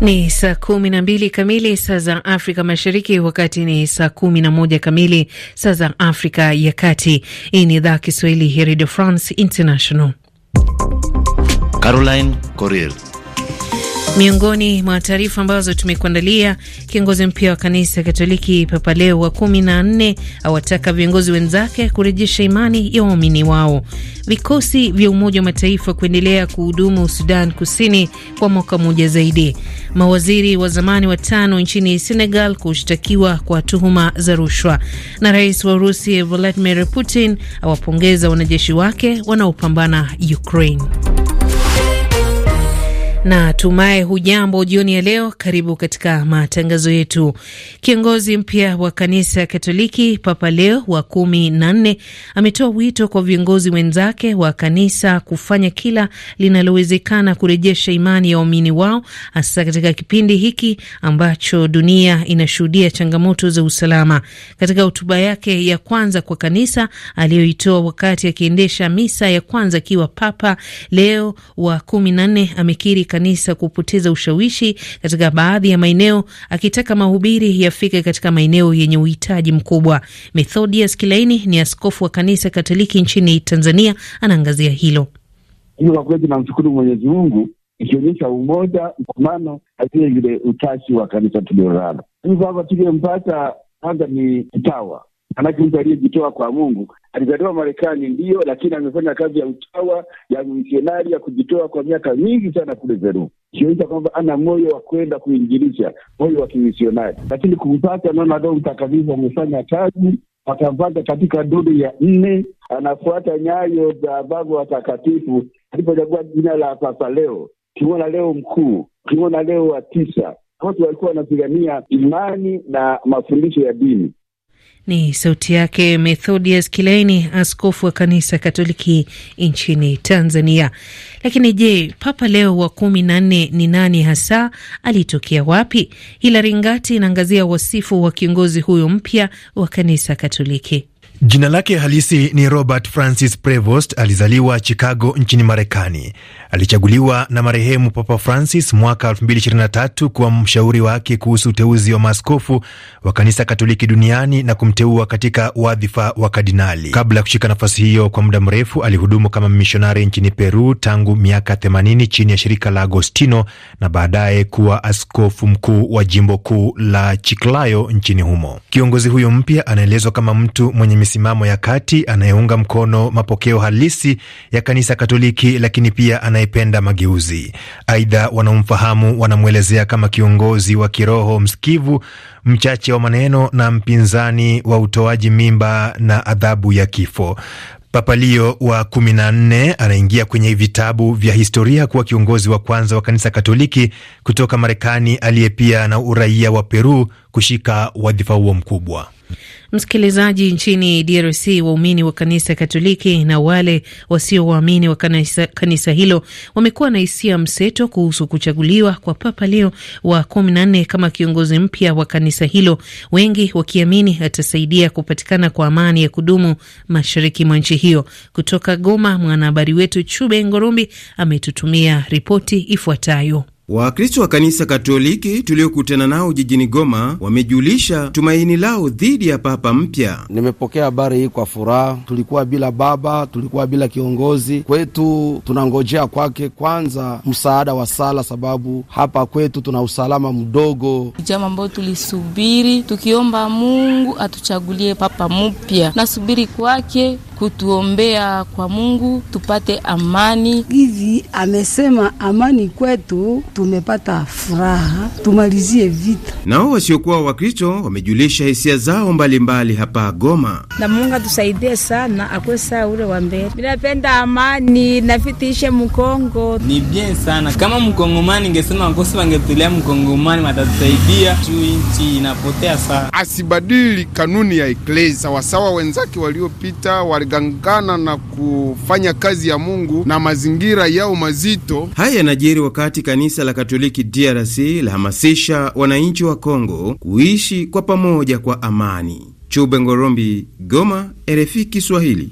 Ni saa kumi na mbili kamili saa za Afrika Mashariki, wakati ni saa kumi na moja kamili saa za Afrika ya Kati. Hii ni idhaa Kiswahili ya Radio France International. Caroline Corrier Miongoni mwa taarifa ambazo tumekuandalia, kiongozi mpya wa kanisa Katoliki Papa Leo wa kumi na nne awataka viongozi wenzake kurejesha imani ya waumini wao. Vikosi vya Umoja wa Mataifa kuendelea kuhudumu Sudan Kusini kwa mwaka mmoja zaidi. Mawaziri wa zamani watano nchini Senegal kushtakiwa kwa tuhuma za rushwa, na rais wa Urusi Vladimir Putin awapongeza wanajeshi wake wanaopambana Ukraine na tumaye hujambo jioni ya leo. Karibu katika matangazo yetu. Kiongozi mpya wa kanisa Katoliki Papa Leo wa kumi na nne ametoa wito kwa viongozi wenzake wa kanisa kufanya kila linalowezekana kurejesha imani ya waumini wao, hasa katika kipindi hiki ambacho dunia inashuhudia changamoto za usalama. Katika hotuba yake ya kwanza kwa kanisa aliyoitoa wakati akiendesha misa ya kwanza akiwa Papa Leo wa kumi na nne amekiri kanisa kupoteza ushawishi katika baadhi ya maeneo, akitaka mahubiri yafike katika maeneo yenye uhitaji mkubwa. Methodius Kilaini ni askofu wa kanisa Katoliki nchini Tanzania, anaangazia hilo. Hiyo kwa kweli tunamshukuru Mwenyezi Mungu ikionyesha umoja, mkumano na vile vile utashi wa kanisa tuliolala Hii hapa tuliyempata kwanza ni kitawa, manake mtu aliyejitoa kwa Mungu alizaliwa Marekani ndiyo, lakini amefanya kazi ya utawa ya misionari ya kujitoa kwa miaka mingi sana kule Peru, ikionyesha kwamba ana moyo wa kwenda kuingilisha, moyo wa kimisionari. Lakini kumpata, naona Roho Mtakatifu amefanya kazi, akampata katika duru ya nne, anafuata nyayo za Baba Watakatifu alipochagua jina la Papa Leo, ukimwona Leo Mkuu, ukimwona Leo wa Tisa. Watu walikuwa wanapigania imani na mafundisho ya dini ni sauti yake Methodius Kilaini, askofu wa kanisa Katoliki nchini Tanzania. Lakini je, Papa Leo wa kumi na nne ni nani hasa? Alitokea wapi? hilaringati inaangazia wasifu wa kiongozi huyo mpya wa kanisa Katoliki. Jina lake halisi ni Robert Francis Prevost. Alizaliwa Chicago nchini Marekani. Alichaguliwa na marehemu Papa Francis mwaka 2023 kuwa mshauri wake kuhusu uteuzi wa maaskofu wa kanisa Katoliki duniani na kumteua katika wadhifa wa kardinali. Kabla ya kushika nafasi hiyo kwa muda mrefu, alihudumu kama mishonari nchini Peru tangu miaka 80 chini ya shirika la Agostino na baadaye kuwa askofu mkuu wa jimbo kuu la Chiclayo nchini humo. Kiongozi huyo mpya anaelezwa kama mtu mwenye misimamo ya kati anayeunga mkono mapokeo halisi ya kanisa Katoliki, lakini pia anayependa mageuzi. Aidha, wanaomfahamu wanamwelezea kama kiongozi wa kiroho msikivu, mchache wa maneno na mpinzani wa utoaji mimba na adhabu ya kifo. Papa Leo wa kumi na nne anaingia kwenye vitabu vya historia kuwa kiongozi wa kwanza wa kanisa Katoliki kutoka Marekani aliye pia na uraia wa Peru kushika wadhifa huo mkubwa. Msikilizaji, nchini DRC waumini wa kanisa Katoliki na wale wasio waamini wa kanisa, kanisa hilo wamekuwa na hisia mseto kuhusu kuchaguliwa kwa Papa Leo wa kumi na nne kama kiongozi mpya wa kanisa hilo, wengi wakiamini atasaidia kupatikana kwa amani ya kudumu mashariki mwa nchi hiyo. Kutoka Goma, mwanahabari wetu Chube ngorumbi ametutumia ripoti ifuatayo. Wakristo wa kanisa Katoliki tuliokutana nao jijini Goma wamejulisha tumaini lao dhidi ya papa mpya. Nimepokea habari hii kwa furaha. Tulikuwa bila baba, tulikuwa bila kiongozi. Kwetu tunangojea kwake kwanza msaada wa sala, sababu hapa kwetu tuna usalama mdogo, jambo ambayo tulisubiri tukiomba Mungu atuchagulie papa mpya. Nasubiri kwake kutuombea kwa Mungu tupate amani. Hivi amesema amani kwetu, tumepata furaha, tumalizie vita. Nao wasiokuwa Wakristo wamejulisha hisia zao mbalimbali mbali hapa Goma. Na Mungu atusaidie sana, akwe saa ule wa mbele. Ninapenda amani na vita Mkongo. Ni bien sana kama Mkongomani, ningesema wakosi wangetulia Mkongomani, watatusaidia juu nchi inapotea sana. Asibadili kanuni ya Eklesia sawasawa, wenzake waliopita wali wamegangana na kufanya kazi ya Mungu na mazingira yao mazito. Haya yanajiri wakati kanisa la Katoliki DRC lahamasisha wananchi wa Kongo kuishi kwa pamoja kwa amani. Chube Ngorombi, Goma, RFI Kiswahili.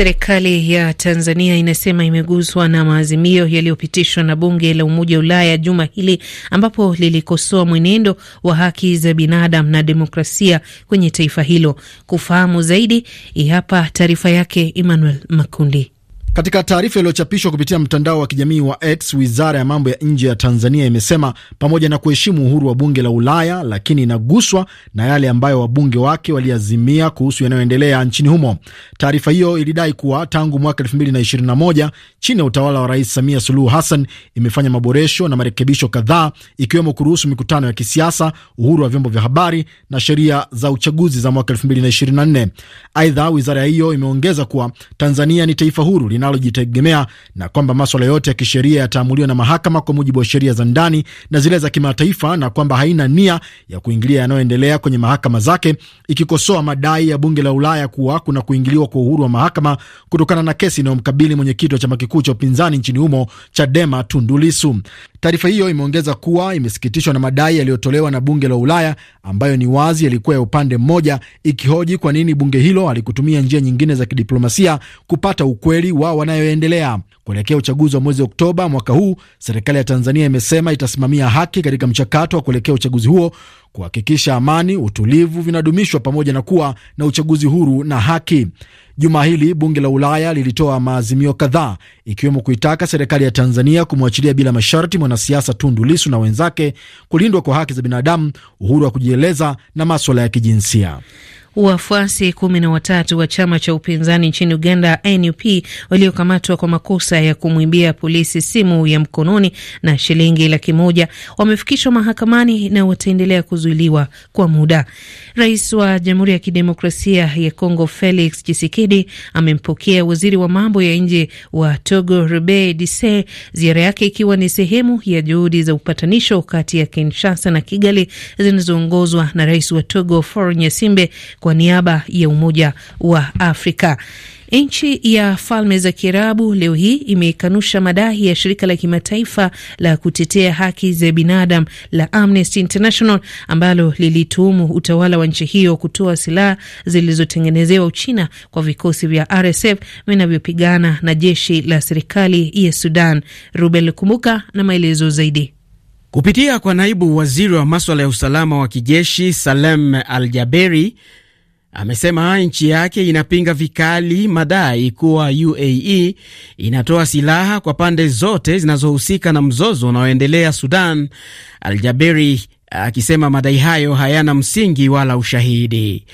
Serikali ya Tanzania inasema imeguswa na maazimio yaliyopitishwa na bunge la Umoja wa Ulaya juma hili, ambapo lilikosoa mwenendo wa haki za binadamu na demokrasia kwenye taifa hilo. Kufahamu zaidi, hii hapa taarifa yake Emmanuel Makundi. Katika taarifa iliyochapishwa kupitia mtandao wa kijamii wa X, wizara ya mambo ya nje ya Tanzania imesema pamoja na kuheshimu uhuru wa bunge la Ulaya, lakini inaguswa na yale ambayo wabunge wake waliazimia kuhusu yanayoendelea nchini humo. Taarifa hiyo ilidai kuwa tangu mwaka 2021 chini ya utawala wa Rais Samia Suluhu Hassan imefanya maboresho na marekebisho kadhaa, ikiwemo kuruhusu mikutano ya kisiasa, uhuru wa vyombo vya habari na sheria za uchaguzi za mwaka 2024. Aidha, wizara hiyo imeongeza kuwa Tanzania ni taifa huru lina linalojitegemea na kwamba maswala yote ya kisheria yataamuliwa na mahakama kwa mujibu wa sheria za ndani na zile za kimataifa na kwamba haina nia ya kuingilia yanayoendelea kwenye mahakama zake, ikikosoa madai ya bunge la Ulaya kuwa kuna kuingiliwa kwa uhuru wa mahakama kutokana na kesi inayomkabili mwenyekiti wa chama kikuu cha upinzani nchini humo Chadema Tundu Lissu. Taarifa hiyo imeongeza kuwa imesikitishwa na madai yaliyotolewa na bunge la Ulaya ambayo ni wazi yalikuwa ya upande mmoja, ikihoji kwa nini bunge hilo halikutumia njia nyingine za kidiplomasia kupata ukweli wa wanayoendelea kuelekea uchaguzi wa mwezi Oktoba mwaka huu. Serikali ya Tanzania imesema itasimamia haki katika mchakato wa kuelekea uchaguzi huo, kuhakikisha amani, utulivu vinadumishwa pamoja na kuwa na uchaguzi huru na haki. Juma hili bunge la Ulaya lilitoa maazimio kadhaa ikiwemo kuitaka serikali ya Tanzania kumwachilia bila masharti mwanasiasa Tundu Lisu na wenzake, kulindwa kwa haki za binadamu, uhuru wa kujieleza na maswala ya kijinsia. Wafuasi kumi na watatu wa chama cha upinzani nchini Uganda NUP waliokamatwa kwa makosa ya kumwibia polisi simu ya mkononi na shilingi laki moja wamefikishwa mahakamani na wataendelea kuzuiliwa kwa muda. Rais wa Jamhuri ya Kidemokrasia ya Kongo Felix Tshisekedi amempokea waziri wa mambo ya nje wa Togo Rebe Dise, ziara yake ikiwa ni sehemu ya juhudi za upatanisho kati ya Kinshasa na Kigali zinazoongozwa na rais wa Togo Faure kwa niaba ya Umoja wa Afrika. Nchi ya Falme za Kiarabu leo hii imekanusha madai ya shirika la kimataifa la kutetea haki za binadamu la Amnesty International ambalo lilituhumu utawala wa nchi hiyo kutoa silaha zilizotengenezewa Uchina kwa vikosi vya RSF vinavyopigana na jeshi la serikali ya Sudan. Ruben Kumbuka na maelezo zaidi. Kupitia kwa naibu waziri wa maswala ya usalama wa kijeshi Salem Al Jaberi, amesema nchi yake inapinga vikali madai kuwa UAE inatoa silaha kwa pande zote zinazohusika na mzozo unaoendelea Sudan. Aljaberi akisema madai hayo hayana msingi wala ushahidi.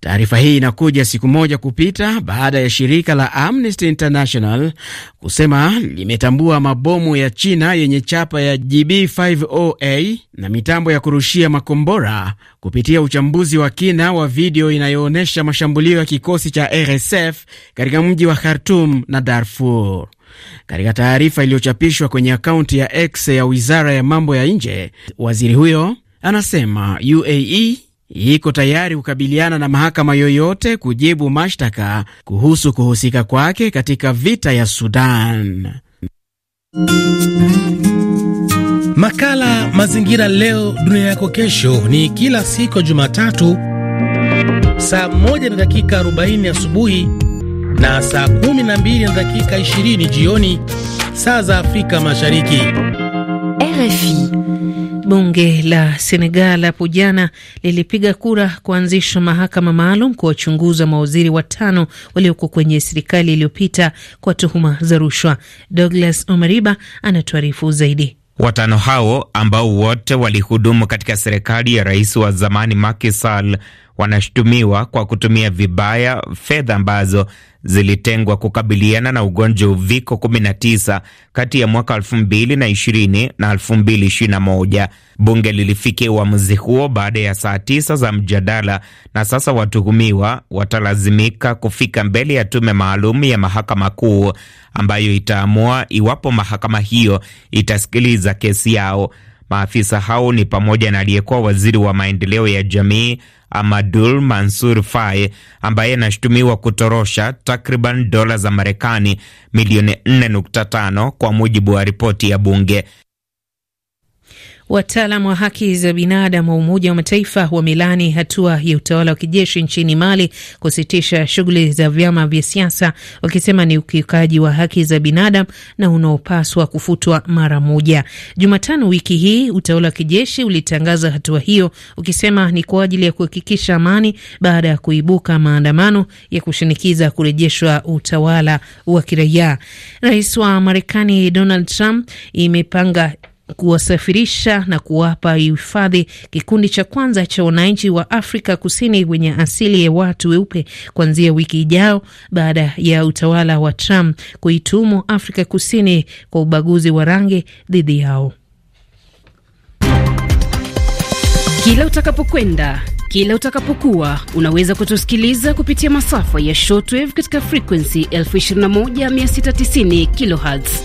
Taarifa hii inakuja siku moja kupita baada ya shirika la Amnesty International kusema limetambua mabomu ya China yenye chapa ya GB50A na mitambo ya kurushia makombora kupitia uchambuzi wa kina wa video inayoonyesha mashambulio ya kikosi cha RSF katika mji wa Khartoum na Darfur. Katika taarifa iliyochapishwa kwenye akaunti ya X ya wizara ya mambo ya nje, waziri huyo anasema UAE iko tayari kukabiliana na mahakama yoyote kujibu mashtaka kuhusu kuhusika kwake katika vita ya Sudan. Makala Mazingira Leo Dunia Yako Kesho ni kila siku ya Jumatatu saa 1 na dakika 40 asubuhi na saa 12 na dakika 20 jioni saa za Afrika Mashariki. RFI. Bunge la Senegal hapo jana lilipiga kura kuanzisha mahakama maalum kuwachunguza mawaziri watano walioko kwenye serikali iliyopita kwa tuhuma za rushwa. Douglas Omariba anatuarifu zaidi. Watano hao ambao wote walihudumu katika serikali ya rais wa zamani Macky Sall wanashutumiwa kwa kutumia vibaya fedha ambazo zilitengwa kukabiliana na ugonjwa uviko 19 kati ya mwaka 2020 na 2021. Bunge lilifikia uamuzi huo baada ya saa tisa za mjadala, na sasa watuhumiwa watalazimika kufika mbele ya tume maalum ya mahakama kuu ambayo itaamua iwapo mahakama hiyo itasikiliza kesi yao. Maafisa hao ni pamoja na aliyekuwa waziri wa maendeleo ya jamii Amadul Mansur Fai ambaye anashutumiwa kutorosha takriban dola za Marekani milioni 4.5 kwa mujibu wa ripoti ya bunge. Wataalam wa haki za binadamu wa Umoja wa Mataifa wamelani hatua ya utawala wa kijeshi nchini Mali kusitisha shughuli za vyama vya siasa, wakisema ni ukiukaji wa haki za binadamu na unaopaswa kufutwa mara moja. Jumatano wiki hii utawala wa kijeshi ulitangaza hatua hiyo ukisema ni kwa ajili ya kuhakikisha amani baada ya kuibuka maandamano ya kushinikiza kurejeshwa utawala wa kiraia. Rais wa Marekani Donald Trump imepanga kuwasafirisha na kuwapa hifadhi kikundi cha kwanza cha wananchi wa Afrika Kusini wenye asili ya watu weupe kuanzia wiki ijao baada ya utawala wa Trump kuitumu Afrika Kusini kwa ubaguzi wa rangi dhidi yao. Kila utakapokwenda kila utakapokuwa unaweza kutusikiliza kupitia masafa ya shortwave katika frequency 21690 kilohertz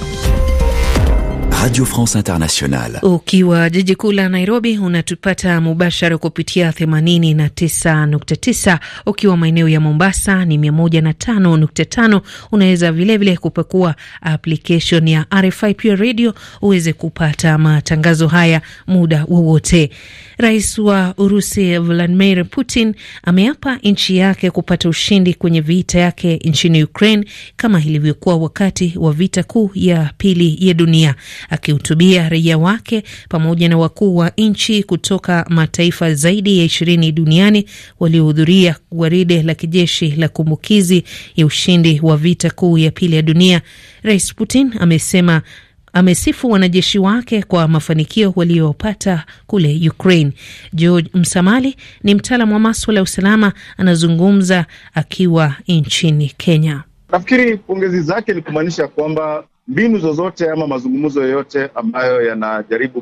Radio France Internationale. Ukiwa jiji kuu la Nairobi unatupata mubashara kupitia 89.9. Ukiwa maeneo ya Mombasa ni 105.5. Unaweza vilevile kupakua application ya RFI Pure Radio uweze kupata matangazo haya muda wowote. Rais wa Urusi Vladimir Putin ameapa nchi yake kupata ushindi kwenye vita yake nchini Ukraine kama ilivyokuwa wakati wa vita kuu ya pili ya dunia akihutubia raia wake pamoja na wakuu wa nchi kutoka mataifa zaidi ya ishirini duniani waliohudhuria gwaride la kijeshi la kumbukizi ya ushindi wa vita kuu ya pili ya dunia. Rais Putin amesema amesifu wanajeshi wake kwa mafanikio waliopata kule Ukraine. George Msamali ni mtaalamu wa maswala ya usalama, anazungumza akiwa nchini Kenya. Nafikiri pongezi zake ni kumaanisha kwamba mbinu zozote ama mazungumzo yoyote ambayo yanajaribu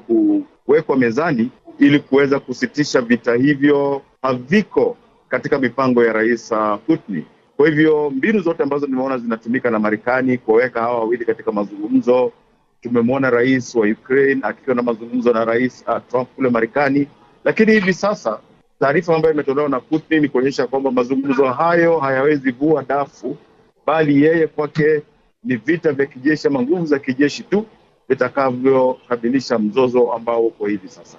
kuwekwa mezani ili kuweza kusitisha vita hivyo haviko katika mipango ya Rais uh, Putin. Kwa hivyo mbinu zote ambazo nimeona zinatumika na Marekani kuwaweka hawa wawili katika mazungumzo, tumemwona rais wa Ukraine akiwa na mazungumzo na Rais uh, Trump kule Marekani, lakini hivi sasa taarifa ambayo imetolewa na Putin ni kuonyesha kwamba mazungumzo hayo hayawezi vua dafu, bali yeye kwake ni vita vya kijeshi ama nguvu za kijeshi tu vitakavyokabilisha mzozo ambao uko hivi sasa.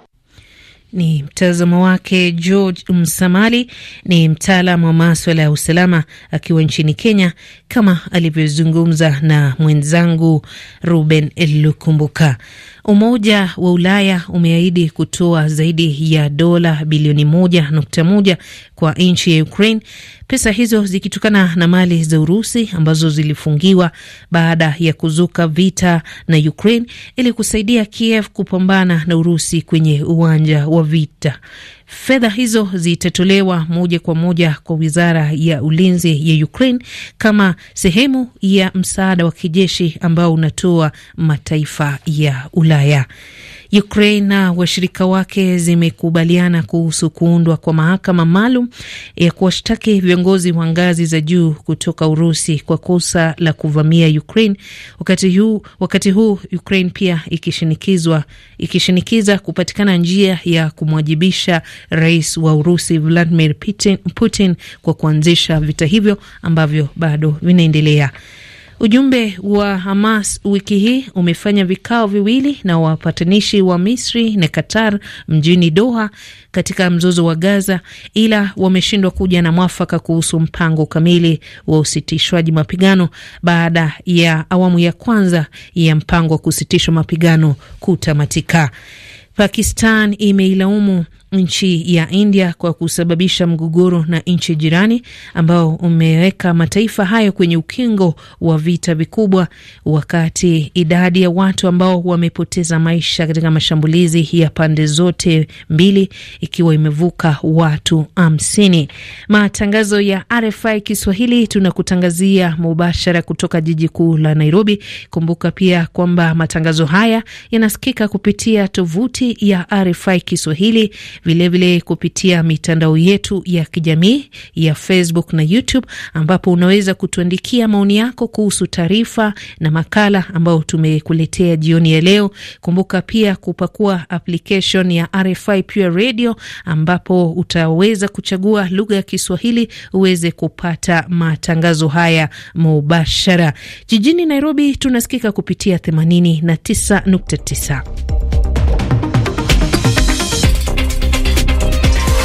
Ni mtazamo wake George Msamali, ni mtaalamu wa maswala ya usalama akiwa nchini Kenya, kama alivyozungumza na mwenzangu Ruben Lukumbuka. Umoja wa Ulaya umeahidi kutoa zaidi ya dola bilioni moja nukta moja kwa nchi ya Ukraine Pesa hizo zikitokana na mali za Urusi ambazo zilifungiwa baada ya kuzuka vita na Ukraine ili kusaidia Kiev kupambana na Urusi kwenye uwanja wa vita. Fedha hizo zitatolewa moja kwa moja kwa wizara ya ulinzi ya Ukraine kama sehemu ya msaada wa kijeshi ambao unatoa mataifa ya Ulaya. Ukraine na washirika wake zimekubaliana kuhusu kuundwa kwa mahakama maalum ya kuwashtaki viongozi wa ngazi za juu kutoka Urusi kwa kosa la kuvamia Ukraine, wakati huu wakati huu Ukraine pia ikishinikizwa ikishinikiza kupatikana njia ya kumwajibisha rais wa Urusi Vladimir Putin kwa kuanzisha vita hivyo ambavyo bado vinaendelea. Ujumbe wa Hamas wiki hii umefanya vikao viwili na wapatanishi wa Misri na Qatar mjini Doha katika mzozo wa Gaza, ila wameshindwa kuja na mwafaka kuhusu mpango kamili wa usitishwaji mapigano baada ya awamu ya kwanza ya mpango wa kusitishwa mapigano kutamatika. Pakistan imeilaumu nchi ya India kwa kusababisha mgogoro na nchi jirani ambao umeweka mataifa hayo kwenye ukingo wa vita vikubwa, wakati idadi ya watu ambao wamepoteza maisha katika mashambulizi ya pande zote mbili ikiwa imevuka watu hamsini. Matangazo ya RFI Kiswahili tunakutangazia mubashara kutoka jiji kuu la Nairobi. Kumbuka pia kwamba matangazo haya yanasikika kupitia tovuti ya RFI Kiswahili vilevile kupitia mitandao yetu ya kijamii ya Facebook na YouTube, ambapo unaweza kutuandikia maoni yako kuhusu taarifa na makala ambayo tumekuletea jioni ya leo. Kumbuka pia kupakua application ya RFI Pure Radio, ambapo utaweza kuchagua lugha ya Kiswahili uweze kupata matangazo haya mubashara. Jijini Nairobi tunasikika kupitia 89.9.